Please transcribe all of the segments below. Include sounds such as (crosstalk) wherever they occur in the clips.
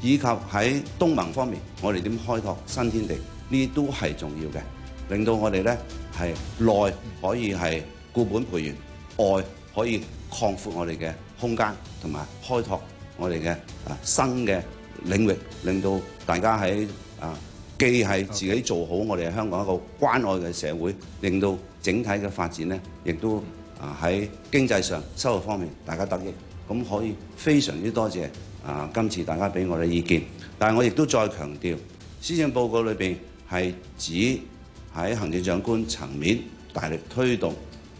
以及喺東盟方面，我哋點開拓新天地呢？都係重要嘅，令到我哋呢，係內可以係固本培元，外可以擴闊我哋嘅空間，同埋開拓我哋嘅啊新嘅領域，令到大家喺啊既係自己做好我哋香港一個關愛嘅社會，令到整體嘅發展呢，亦都啊喺經濟上收入方面大家得益，咁可以非常之多謝。啊！今次大家俾我哋意見，但係我亦都再強調，施政報告裏邊係指喺行政長官層面大力推動，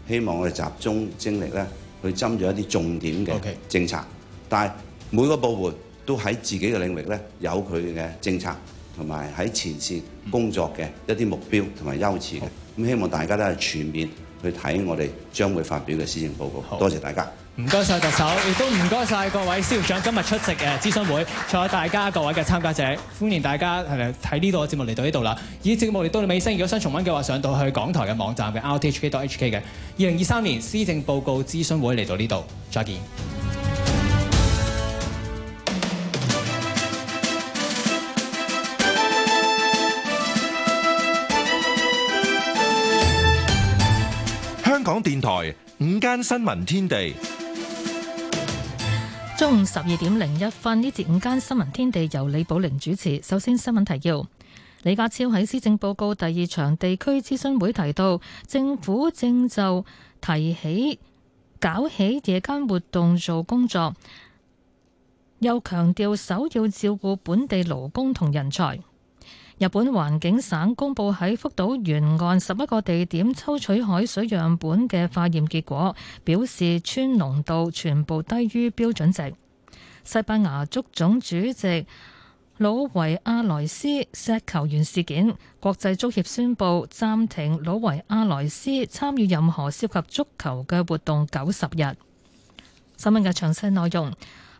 希望我哋集中精力咧去針對一啲重點嘅政策。Okay. 但係每個部門都喺自己嘅領域咧有佢嘅政策同埋喺前線工作嘅一啲目標同埋優先嘅咁，希望大家都係全面去睇我哋將會發表嘅施政報告，好多謝大家。唔該晒特首，亦都唔該晒各位司長今日出席嘅諮詢會，在座大家各位嘅參加者，歡迎大家係睇呢度嘅節目嚟到呢度啦。以節目嚟到尾聲，如果想重温嘅話，上到去港台嘅網站嘅 rthk.hk 嘅二零二三年施政報告諮詢會嚟到呢度，再見。台午間新聞天地，中午十二點零一分呢節午間新聞天地由李寶玲主持。首先新聞提要：李家超喺施政報告第二場地區諮詢會提到，政府正就提起搞起夜間活動做工作，又強調首要照顧本地勞工同人才。日本環境省公布喺福島沿岸十一個地點抽取海水樣本嘅化驗結果，表示氚濃度全部低於標準值。西班牙足總主席魯維阿萊斯錫球員事件，國際足協宣布暫停魯維阿萊斯參與任何涉及足球嘅活動九十日。新聞嘅詳細內容。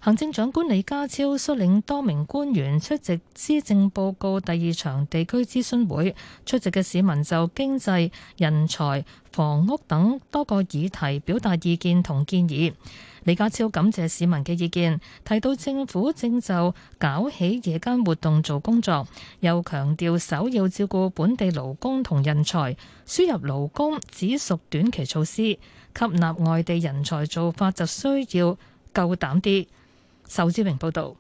行政長官李家超率領多名官員出席施政報告第二場地區諮詢會，出席嘅市民就經濟、人才、房屋等多個議題表達意見同建議。李家超感謝市民嘅意見，提到政府正就搞起夜間活動做工作，又強調首要照顧本地勞工同人才，輸入勞工只屬短期措施，吸納外地人才做法就需要夠膽啲。仇志榮報道。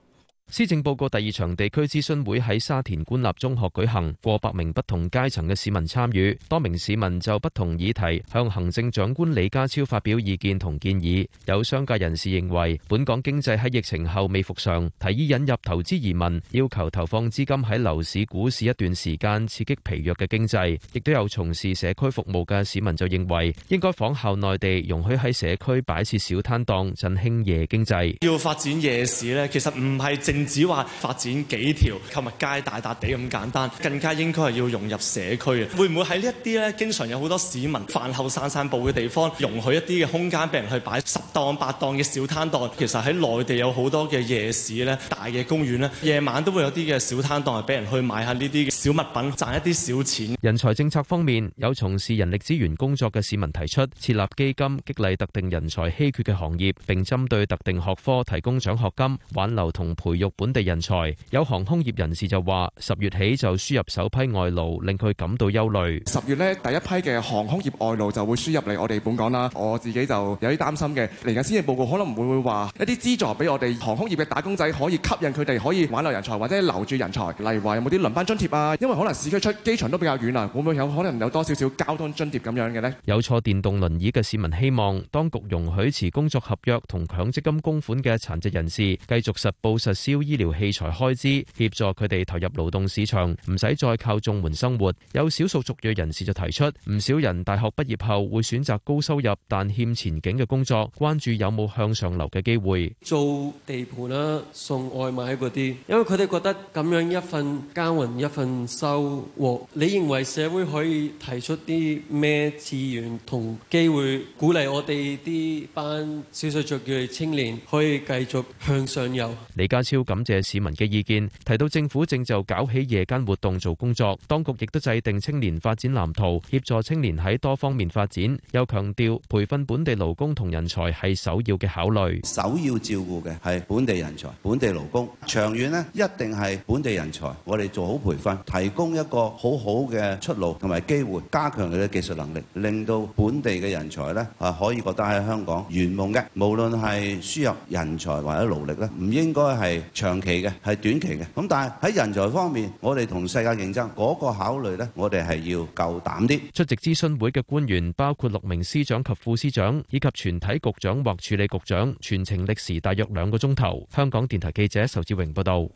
施政報告第二場地區諮詢會喺沙田官立中學舉行，過百名不同階層嘅市民參與，多名市民就不同議題向行政長官李家超發表意見同建議。有商界人士認為，本港經濟喺疫情後未復常，提議引入投資移民，要求投放資金喺樓市、股市一段時間，刺激疲弱嘅經濟。亦都有從事社區服務嘅市民就認為，應該仿效內地，容許喺社區擺設小攤檔，振興夜經濟。要發展夜市呢，其實唔係直。唔止話發展幾條購物街大笪地咁簡單，更加應該係要融入社區啊！會唔會喺呢一啲咧，經常有好多市民飯後散散步嘅地方，容許一啲嘅空間俾人去擺十檔八檔嘅小攤檔，其實喺內地有好多嘅夜市咧，大嘅公園咧，夜晚都會有啲嘅小攤檔係俾人去買下呢啲嘅小物品，賺一啲小錢。人才政策方面，有從事人力資源工作嘅市民提出設立基金，激勵特定人才稀缺嘅行業，並針對特定學科提供獎學金，挽留同培育。本地人才，有航空業人士就話十月起就輸入首批外勞，令佢感到憂慮。十月咧第一批嘅航空業外勞就會輸入嚟我哋本港啦。我自己就有啲擔心嘅，嚟緊先嘅報告可能唔會話一啲資助俾我哋航空業嘅打工仔，可以吸引佢哋，可以挽留人才或者留住人才。例如話有冇啲輪班津貼啊？因為可能市區出機場都比較遠啊，會唔會有可能有多，多少少交通津貼咁樣嘅咧？有坐電動輪椅嘅市民希望當局容許持工作合約同強積金供款嘅殘疾人士繼續實報實銷。醫療器材開支，協助佢哋投入勞動市場，唔使再靠綜援生活。有少數族裔人士就提出，唔少人大學畢業後會選擇高收入但欠前景嘅工作，關注有冇向上流嘅機會。做地盤啦，送外賣嗰啲，因為佢哋覺得咁樣一份耕耘一份收穫。和你認為社會可以提出啲咩資源同機會，鼓勵我哋啲班少數族裔青年可以繼續向上游？李家超。感謝市民嘅意見，提到政府正就搞起夜間活動做工作，當局亦都制定青年發展藍圖，協助青年喺多方面發展。又強調培訓本地勞工同人才係首要嘅考慮，首要照顧嘅係本地人才、本地勞工。長遠呢，一定係本地人才，我哋做好培訓，提供一個好好嘅出路同埋機會，加強佢哋嘅技術能力，令到本地嘅人才呢啊可以覺得喺香港圓夢嘅。無論係輸入人才或者勞力咧，唔應該係。長期嘅係短期嘅，咁但係喺人才方面，我哋同世界競爭嗰個考慮呢，我哋係要夠膽啲。出席諮詢會嘅官員包括六名司長及副司長，以及全體局長或處理局長，全程歷時大約兩個鐘頭。香港電台記者仇志榮報導。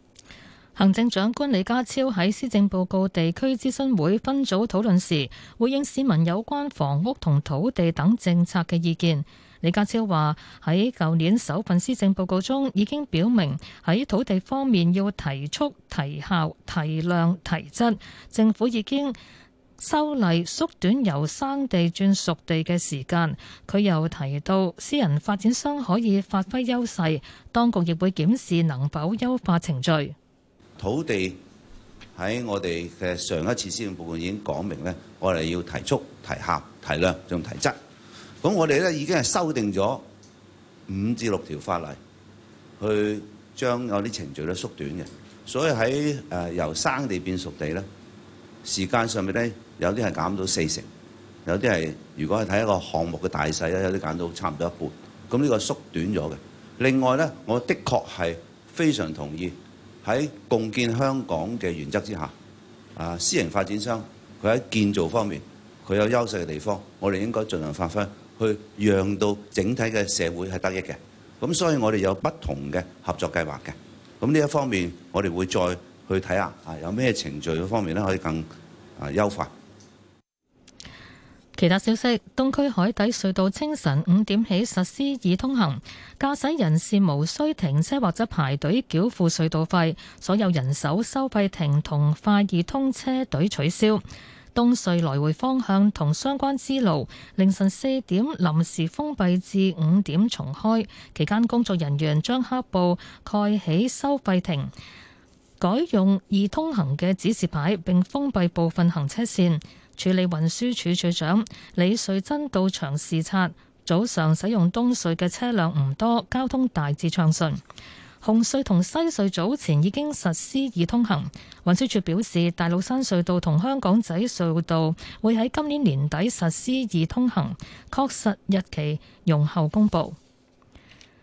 行政長官李家超喺施政報告地區諮詢會分組討論時，回應市民有關房屋同土地等政策嘅意見。李家超話喺舊年首份施政報告中已經表明喺土地方面要提速、提效、提量、提質。政府已經修例縮短由生地轉熟地嘅時間。佢又提到私人發展商可以發揮優勢，當局亦會檢視能否優化程序。土地喺我哋嘅上一次施政報告已經講明呢，我哋要提速、提效、提量仲提質。咁我哋咧已經係修訂咗五至六條法例，去將嗰啲程序咧縮短嘅。所以喺誒、呃、由生地變熟地咧，時間上面咧有啲係減到四成，有啲係如果係睇一個項目嘅大細咧，有啲減到差唔多一半。咁呢個縮短咗嘅。另外咧，我的確係非常同意喺共建香港嘅原則之下，啊，私人發展商佢喺建造方面佢有優勢嘅地方，我哋應該盡量發揮。去讓到整體嘅社會係得益嘅，咁所以我哋有不同嘅合作計劃嘅。咁呢一方面，我哋會再去睇下啊，有咩程序方面咧可以更啊優化。其他消息：東區海底隧道清晨五點起實施易通行，駕駛人士無需停車或者排隊繳付隧道費，所有人手收費亭同快易通車隊取消。東隧來回方向同相關支路，凌晨四點臨時封閉至五點重開，期間工作人員將黑布蓋起收費亭，改用易通行嘅指示牌，並封閉部分行車線。處理運輸署署長李瑞珍到場視察。早上使用東隧嘅車輛唔多，交通大致暢順。紅隧同西隧早前已經實施易通行，運輸署表示，大老山隧道同香港仔隧道會喺今年年底實施易通行，確實日期容後公布。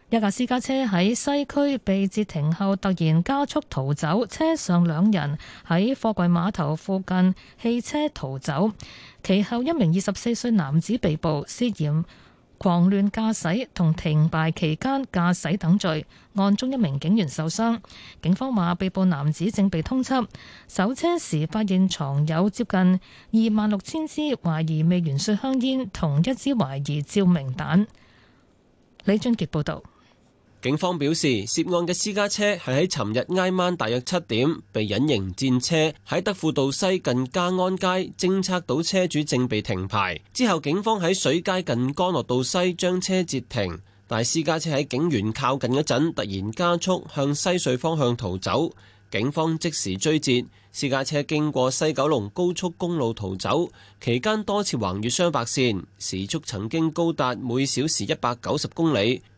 一架私家車喺西區被截停後突然加速逃走，車上兩人喺貨櫃碼頭附近棄車逃走，其後一名二十四歲男子被捕，涉嫌。狂亂駕駛同停牌期間駕駛等罪，案中一名警員受傷。警方話被捕男子正被通緝。搜車時發現藏有接近二萬六千支懷疑未完稅香煙同一支懷疑照明彈。李俊傑報導。警方表示，涉案嘅私家車係喺尋日挨晚大約七點，被隱形戰車喺德輔道西近嘉安街偵測到車主正被停牌。之後警方喺水街近干諾道西將車截停，但私家車喺警員靠近嗰陣突然加速向西隧方向逃走。警方即時追截，私家車經過西九龍高速公路逃走，期間多次橫越雙白線，時速曾經高達每小時一百九十公里。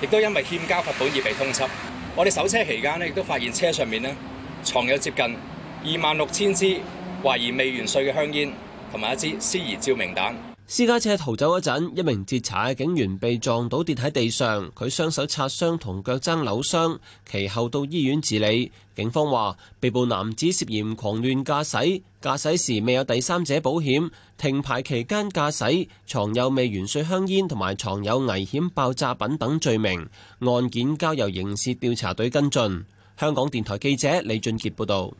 亦都因為欠交罰款而被通緝。我哋搜車期間咧，亦都發現車上面咧藏有接近二萬六千支懷疑未完稅嘅香煙，同埋一支私燃照明彈。私家車逃走嗰陣，一名截查嘅警員被撞到跌喺地上，佢雙手擦傷同腳踭扭傷，其後到醫院治理。警方話，被捕男子涉嫌狂亂駕駛，駕駛時未有第三者保險，停牌期間駕駛，藏有未完稅香煙同埋藏有危險爆炸品等罪名，案件交由刑事調查隊跟進。香港電台記者李俊傑報道。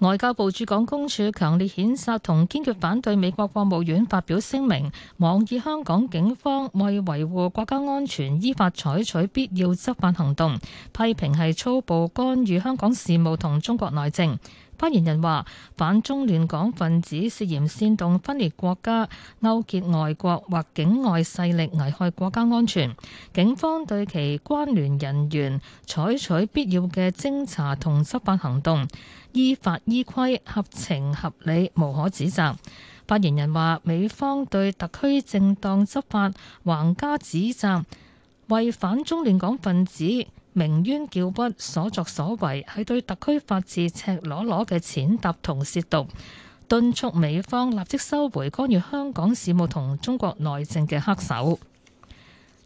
外交部駐港公署強烈譴責同堅決反對美國國務院發表聲明，妄議香港警方為維護國家安全依法採取必要執法行動，批評係粗暴干預香港事務同中國內政。發言人話：反中亂港分子涉嫌煽動分裂國家、勾結外國或境外勢力危害國家安全，警方對其關聯人員採取必要嘅偵查同執法行動，依法依規、合情合理，無可指責。發言人話：美方對特區正當執法橫加指責，為反中亂港分子。鳴冤叫屈，所作所為，係對特區法治赤裸裸嘅踐踏同褻瀆，敦促美方立即收回干預香港事務同中國內政嘅黑手。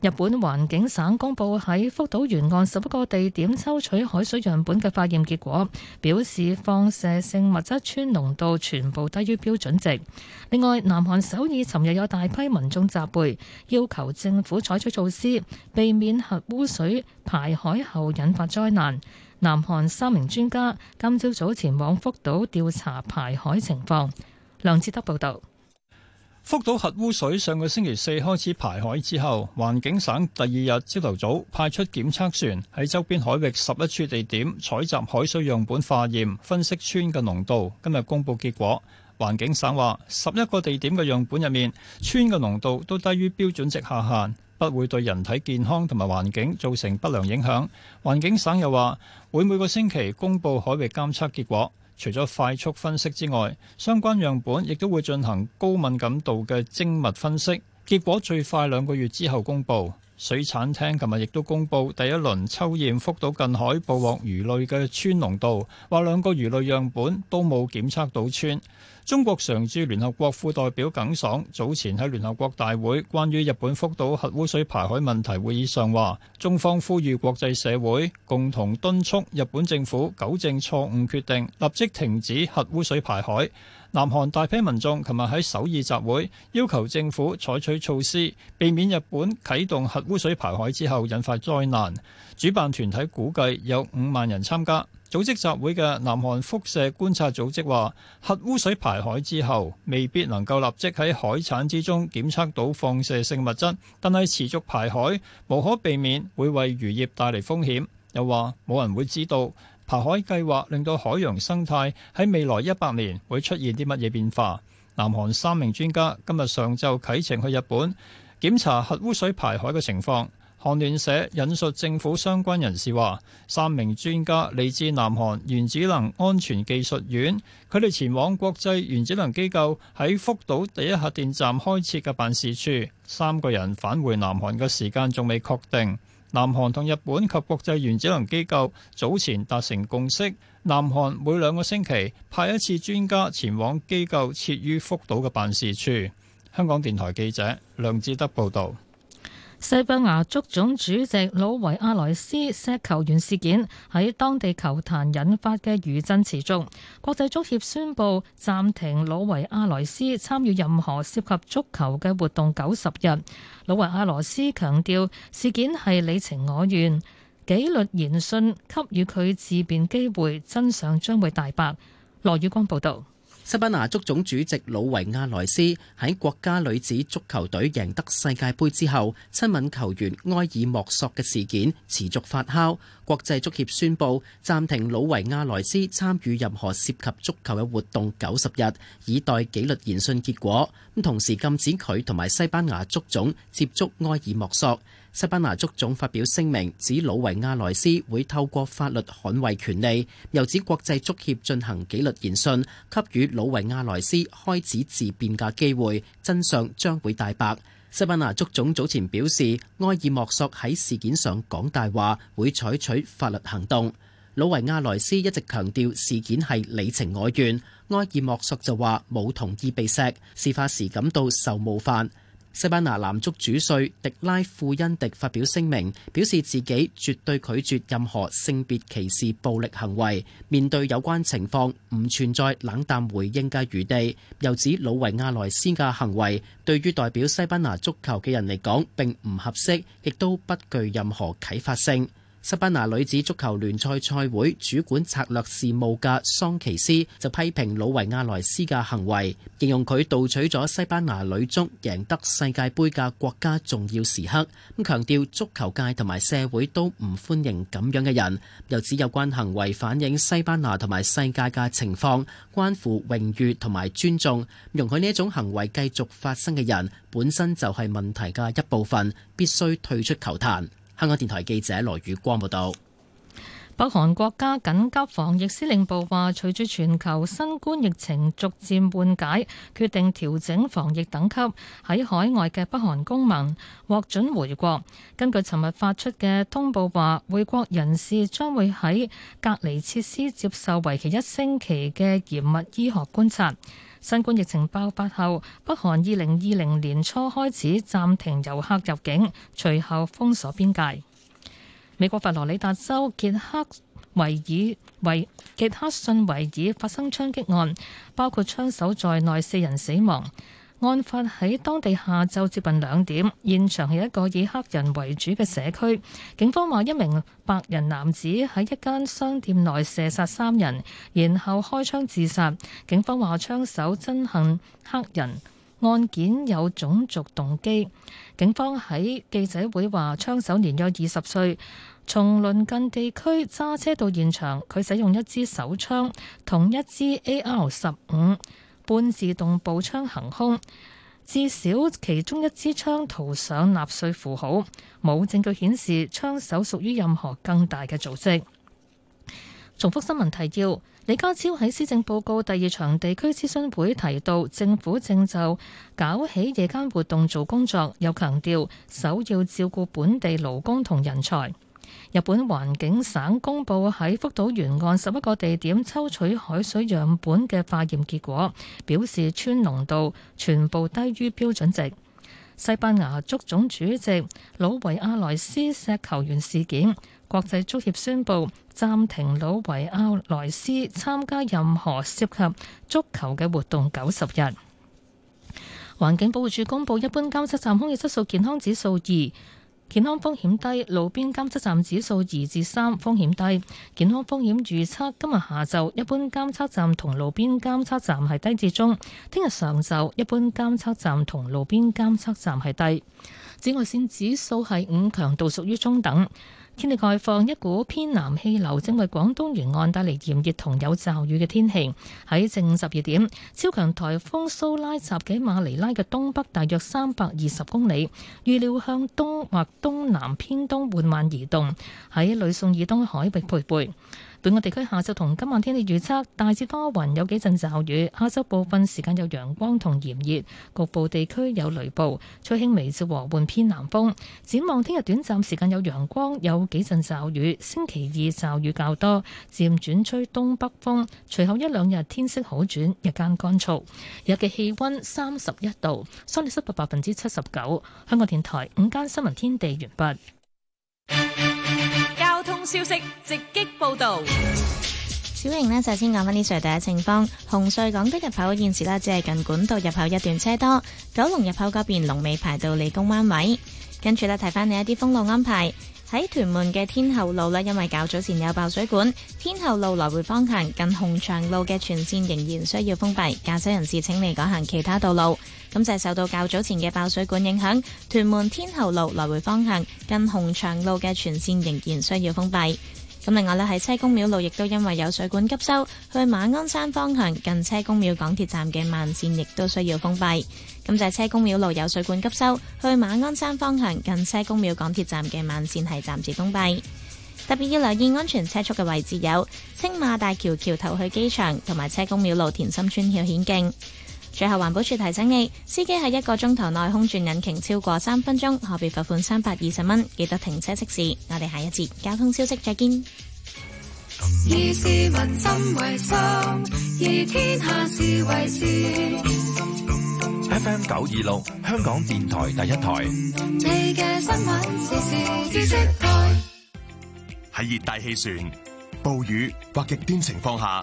日本環境省公布喺福島沿岸十一個地點抽取海水樣本嘅化驗結果，表示放射性物質氚濃度全部低於標準值。另外，南韓首爾尋日有大批民眾集會，要求政府採取措施，避免核污水排海後引發災難。南韓三名專家今朝早前往福島調查排海情況。梁志德報道。福島核污水上個星期四開始排海之後，環境省第二日朝頭早派出檢測船喺周邊海域十一處地點採集海水樣本化驗分析氚嘅濃度。今日公布結果，環境省話十一個地點嘅樣本入面氚嘅濃度都低於標準值下限，不會對人體健康同埋環境造成不良影響。環境省又話會每個星期公布海域監測結果。除咗快速分析之外，相關樣本亦都會進行高敏感度嘅精密分析，結果最快兩個月之後公佈。水產廳琴日亦都公佈第一輪抽驗福島近海捕獲魚類嘅氚濃度，話兩個魚類樣本都冇檢測到氚。中國常駐聯合國副代表耿爽早前喺聯合國大會關於日本福島核污水排海問題會議上話，中方呼籲國際社會共同敦促日本政府糾正錯誤決定，立即停止核污水排海。南韓大批民眾琴日喺首爾集會，要求政府採取措施，避免日本啟動核污水排海之後引發災難。主辦團體估計有五萬人參加。組織集會嘅南韓輻射觀察組織話：核污水排海之後，未必能夠立即喺海產之中檢測到放射性物質，但係持續排海無可避免會為漁業帶嚟風險。又話冇人會知道排海計劃令到海洋生態喺未來一百年會出現啲乜嘢變化。南韓三名專家今日上晝啟程去日本檢查核污水排海嘅情況。韓聯社引述政府相關人士話，三名專家嚟自南韓原子能安全技術院，佢哋前往國際原子能機構喺福島第一核電站開設嘅辦事處。三個人返回南韓嘅時間仲未確定。南韓同日本及國際原子能機構早前達成共識，南韓每兩個星期派一次專家前往機構設於福島嘅辦事處。香港電台記者梁志德報導。西班牙足總主席魯維阿萊斯錫球員事件喺當地球壇引發嘅餘震持續，國際足協宣布暫停魯維阿萊斯參與任何涉及足球嘅活動九十日。魯維阿萊斯強調事件係你情我願，紀律言信給予佢自辯機會，真相將會大白。羅宇光報道。西班牙足總主席魯維亞萊斯喺國家女子足球隊贏得世界盃之後，親吻球員埃爾莫索嘅事件持續發酵。國際足協宣布暫停魯維亞萊斯參與任何涉及足球嘅活動九十日，以待紀律聆訊結果。咁同時禁止佢同埋西班牙足總接觸埃爾莫索。西班牙足總發表聲明，指魯維亞萊斯會透過法律捍衞權利，又指國際足協進行紀律研訊，給予魯維亞萊斯開始自辯嘅機會，真相將會大白。西班牙足總早前表示，埃爾莫索喺事件上講大話，會採取法律行動。魯維亞萊斯一直強調事件係你情我願，埃爾莫索就話冇同意被錫，事發時感到受冒犯。西班牙男足主帥迪拉富恩迪發表聲明，表示自己絕對拒絕任何性別歧視暴力行為。面對有關情況，唔存在冷淡回應嘅餘地。又指魯維亞萊斯嘅行為，對於代表西班牙足球嘅人嚟講，並唔合適，亦都不具任何啟發性。西班牙女子足球聯賽賽會主管策略事務嘅桑奇斯就批評魯維亞萊斯嘅行為，形容佢盜取咗西班牙女足贏得世界杯嘅國家重要時刻，咁強調足球界同埋社會都唔歡迎咁樣嘅人，又指有關行為反映西班牙同埋世界嘅情況，關乎榮譽同埋尊重，容許呢一種行為繼續發生嘅人本身就係問題嘅一部分，必須退出球壇。香港電台記者羅宇光報道，北韓國家緊急防疫司令部話，隨住全球新冠疫情逐漸緩解，決定調整防疫等級，喺海外嘅北韓公民獲准回國。根據尋日發出嘅通報話，回國人士將會喺隔離設施接受為期一星期嘅嚴密醫學觀察。新冠疫情爆發後，北韓二零二零年初開始暫停遊客入境，隨後封鎖邊界。美國佛羅里達州傑克維爾維傑克遜維爾發生槍擊案，包括槍手在內四人死亡。案發喺當地下晝接近兩點，現場係一個以黑人為主嘅社區。警方話一名白人男子喺一間商店內射殺三人，然後開槍自殺。警方話槍手憎恨黑人，案件有種族動機。警方喺記者會話槍手年約二十歲，從鄰近地區揸車到現場，佢使用一支手槍同一支 AR 十五。半自動步槍行兇，至少其中一支槍塗上納粹符號，冇證據顯示槍手屬於任何更大嘅組織。重複新聞提要：李家超喺施政報告第二場地區諮詢會提到，政府正就搞起夜間活動做工作，又強調首要照顧本地勞工同人才。日本環境省公布喺福島沿岸十一個地點抽取海水樣本嘅化驗結果，表示氚濃度全部低於標準值。西班牙足總主席魯維阿萊斯涉球員事件，國際足協宣布暫停魯維阿萊斯參加任何涉及足球嘅活動九十日。環境保護署公布一般監測站空氣質素健康指數二。健康風險低，路邊監測站指數二至三，風險低。健康風險預測今日下晝一般監測站同路邊監測站係低至中，聽日上晝一般監測站同路邊監測站係低。紫外線指數係五，強度屬於中等。天氣概放，一股偏南氣流正為廣東沿岸帶嚟炎熱同有驟雨嘅天氣。喺正午十二點，超強颱風蘇拉襲擊馬尼拉嘅東北大約三百二十公里，預料向東或東南偏東緩慢移動，喺呂宋以東海域徘徊。本港地區下晝同今晚天氣預測大致多雲，有幾陣驟雨。下晝部分時間有陽光同炎熱，局部地區有雷暴。吹輕微至和緩偏南風。展望聽日短暫時間有陽光，有幾陣驟雨。星期二驟雨較多，漸轉吹東北風。隨後一兩日天色好轉，日間乾燥。日嘅氣温三十一度，濕度百分之七十九。香港電台午間新聞天地完畢。消息直擊報道，小瑩呢，就先講翻呢度第一情況，紅隧港島入口現時啦，只係近管道入口一段車多，九龍入口嗰邊龍尾排到理工灣位，跟住呢，提翻你一啲封路安排。喺屯門嘅天后路呢，因為較早前有爆水管，天后路來回方向近紅牆路嘅全線仍然需要封閉，駕駛人士請你改行其他道路。咁就係受到較早前嘅爆水管影響，屯門天后路來回方向近紅牆路嘅全線仍然需要封閉。咁另外咧，喺車公廟路亦都因為有水管急修，去馬鞍山方向近車公廟港鐵站嘅慢綫亦都需要封閉。咁就係車公廟路有水管急修，去馬鞍山方向近車公廟港鐵站嘅慢綫係暫時封閉。特別要留意安全車速嘅位置有青馬大橋橋頭去機場，同埋車公廟路田心村橋顯徑。最後，環保處提醒你，司機喺一個鐘頭內空轉引擎超過三分鐘，可被罰款三百二十蚊。記得停車熄匙。我哋下一節交通消息再見。以市民心為心，以天下事為事。F (music) M 九二六，香港電台第一台。你嘅新聞時事資訊台。喺熱帶氣旋、暴雨或極端情況下，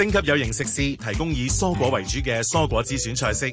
星級有型食肆提供以蔬果為主嘅蔬果之選菜式。